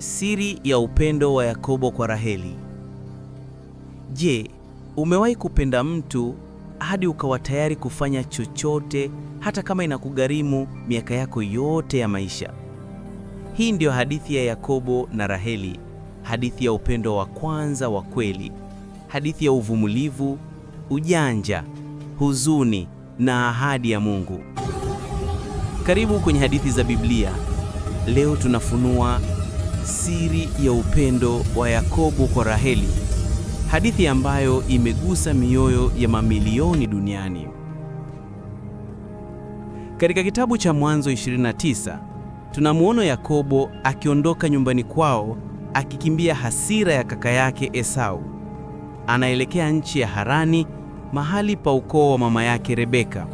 Siri ya upendo wa Yakobo kwa Raheli. Je, umewahi kupenda mtu hadi ukawa tayari kufanya chochote hata kama inakugharimu miaka yako yote ya maisha? Hii ndiyo hadithi ya Yakobo na Raheli, hadithi ya upendo wa kwanza wa kweli, hadithi ya uvumilivu, ujanja, huzuni na ahadi ya Mungu. Karibu kwenye Hadithi za Biblia. Leo tunafunua siri ya upendo wa Yakobo kwa Raheli, hadithi ambayo imegusa mioyo ya mamilioni duniani. Katika kitabu cha Mwanzo 29 tunamwona Yakobo akiondoka nyumbani kwao akikimbia hasira ya kaka yake Esau. Anaelekea nchi ya Harani, mahali pa ukoo wa mama yake Rebeka.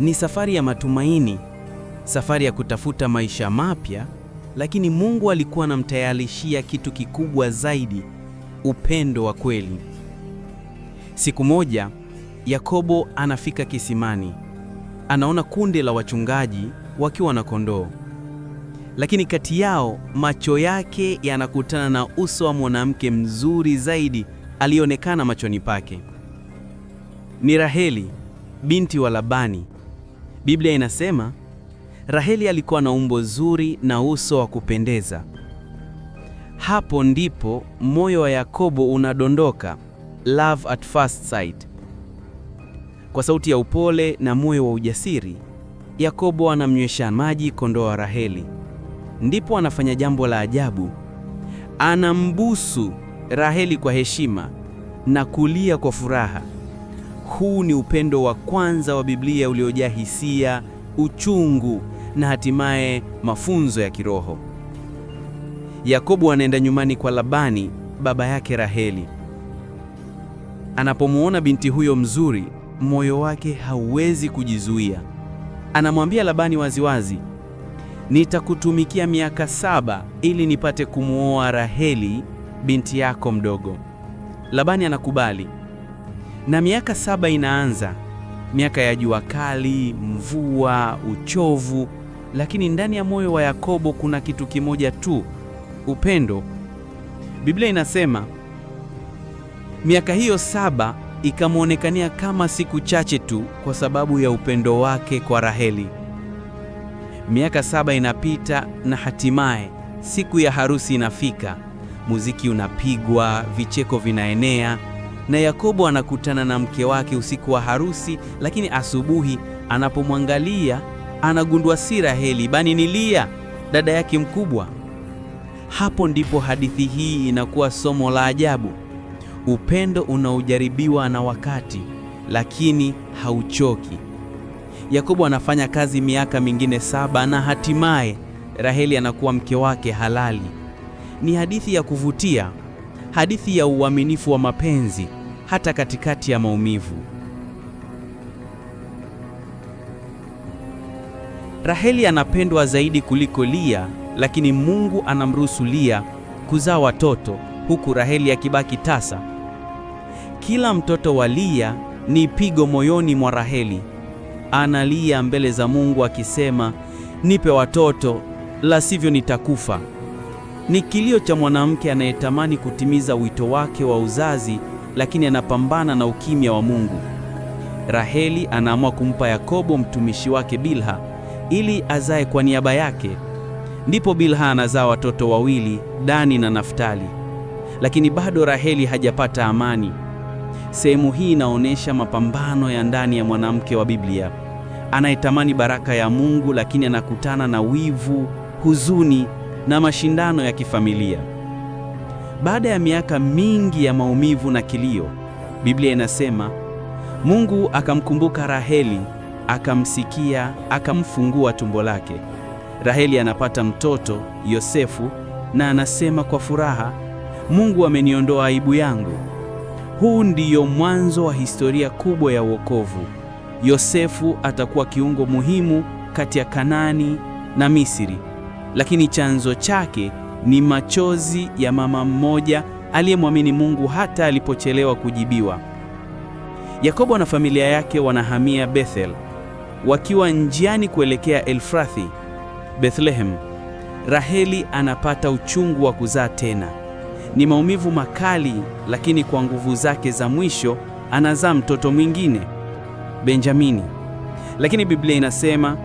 Ni safari ya matumaini, safari ya kutafuta maisha mapya lakini Mungu alikuwa anamtayarishia kitu kikubwa zaidi, upendo wa kweli. Siku moja Yakobo anafika kisimani, anaona kundi la wachungaji wakiwa na kondoo, lakini kati yao macho yake yanakutana na uso wa mwanamke mzuri zaidi alionekana machoni pake. Ni Raheli binti wa Labani. Biblia inasema Raheli alikuwa na umbo zuri na uso wa kupendeza. Hapo ndipo moyo wa Yakobo unadondoka, love at first sight. Kwa sauti ya upole na moyo wa ujasiri, Yakobo anamnywesha maji kondoo wa Raheli. Ndipo anafanya jambo la ajabu, anambusu Raheli kwa heshima na kulia kwa furaha. Huu ni upendo wa kwanza wa Biblia uliojaa hisia, uchungu na hatimaye mafunzo ya kiroho. Yakobo anaenda nyumbani kwa Labani, baba yake Raheli. Anapomwona binti huyo mzuri, moyo wake hauwezi kujizuia. Anamwambia Labani waziwazi, nitakutumikia miaka saba ili nipate kumwoa Raheli binti yako mdogo. Labani anakubali, na miaka saba inaanza, miaka ya jua kali, mvua, uchovu lakini ndani ya moyo wa Yakobo kuna kitu kimoja tu, upendo. Biblia inasema miaka hiyo saba ikamwonekania kama siku chache tu kwa sababu ya upendo wake kwa Raheli. Miaka saba inapita na hatimaye siku ya harusi inafika. Muziki unapigwa, vicheko vinaenea, na Yakobo anakutana na mke wake usiku wa harusi, lakini asubuhi anapomwangalia anagundua si Raheli bali ni Lia, dada yake mkubwa. Hapo ndipo hadithi hii inakuwa somo la ajabu, upendo unaojaribiwa na wakati, lakini hauchoki. Yakobo anafanya kazi miaka mingine saba na hatimaye Raheli anakuwa mke wake halali. Ni hadithi ya kuvutia, hadithi ya uaminifu wa mapenzi hata katikati ya maumivu. Raheli anapendwa zaidi kuliko Lia, lakini Mungu anamruhusu Lia kuzaa watoto huku Raheli akibaki tasa. Kila mtoto wa Lia ni pigo moyoni mwa Raheli. Analia mbele za Mungu akisema, nipe watoto, la sivyo nitakufa. Ni kilio cha mwanamke anayetamani kutimiza wito wake wa uzazi, lakini anapambana na ukimya wa Mungu. Raheli anaamua kumpa Yakobo mtumishi wake Bilha ili azae kwa niaba yake. Ndipo Bilha anazaa watoto wawili, Dani na Naftali, lakini bado Raheli hajapata amani. Sehemu hii inaonyesha mapambano ya ndani ya mwanamke wa Biblia anayetamani baraka ya Mungu, lakini anakutana na wivu, huzuni na mashindano ya kifamilia. Baada ya miaka mingi ya maumivu na kilio, Biblia inasema Mungu akamkumbuka Raheli akamsikia, akamfungua tumbo lake. Raheli anapata mtoto Yosefu, na anasema kwa furaha, Mungu ameniondoa aibu yangu. Huu ndiyo mwanzo wa historia kubwa ya wokovu. Yosefu atakuwa kiungo muhimu kati ya Kanaani na Misri, lakini chanzo chake ni machozi ya mama mmoja aliyemwamini Mungu hata alipochelewa kujibiwa. Yakobo na familia yake wanahamia Bethel. Wakiwa njiani kuelekea Elfrathi, Bethlehem, Raheli anapata uchungu wa kuzaa tena. Ni maumivu makali, lakini kwa nguvu zake za mwisho anazaa mtoto mwingine, Benjamini. Lakini Biblia inasema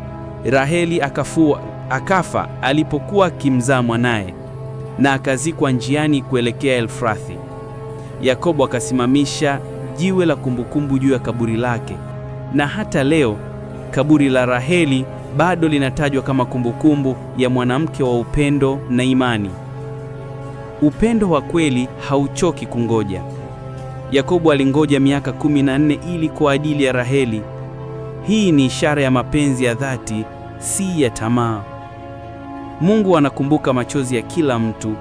Raheli akafua, akafa alipokuwa akimzaa mwanaye na akazikwa njiani kuelekea Elfrathi. Yakobo akasimamisha jiwe la kumbukumbu juu ya kaburi lake. Na hata leo kaburi la Raheli bado linatajwa kama kumbukumbu ya mwanamke wa upendo na imani. Upendo wa kweli hauchoki kungoja. Yakobo alingoja miaka 14 ili kwa ajili ya Raheli. Hii ni ishara ya mapenzi ya dhati, si ya tamaa. Mungu anakumbuka machozi ya kila mtu.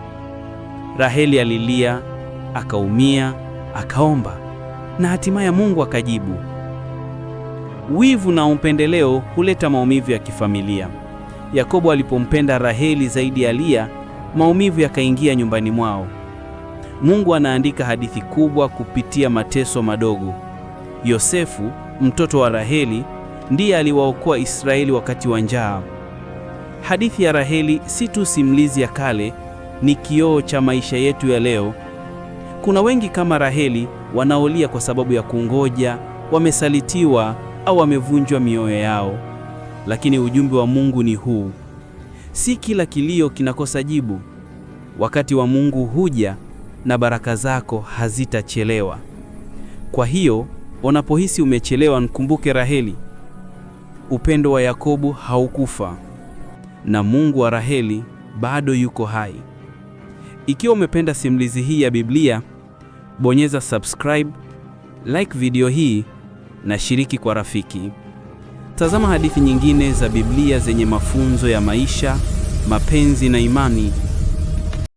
Raheli alilia, akaumia, akaomba na hatimaye Mungu akajibu. Wivu na upendeleo huleta maumivu ya kifamilia. Yakobo alipompenda Raheli zaidi ya Lia, maumivu yakaingia nyumbani mwao. Mungu anaandika hadithi kubwa kupitia mateso madogo. Yosefu, mtoto wa Raheli, ndiye aliwaokoa Israeli wakati wa njaa. Hadithi ya Raheli si tu simulizi ya kale, ni kioo cha maisha yetu ya leo. Kuna wengi kama Raheli wanaolia kwa sababu ya kungoja, wamesalitiwa au amevunjwa mioyo yao. Lakini ujumbe wa Mungu ni huu: si kila kilio kinakosa jibu. Wakati wa Mungu huja na baraka zako hazitachelewa. Kwa hiyo unapohisi umechelewa, mkumbuke Raheli. Upendo wa Yakobo haukufa na Mungu wa Raheli bado yuko hai. Ikiwa umependa simulizi hii ya Biblia, bonyeza subscribe, like video hii na shiriki kwa rafiki. Tazama hadithi nyingine za Biblia zenye mafunzo ya maisha, mapenzi na imani.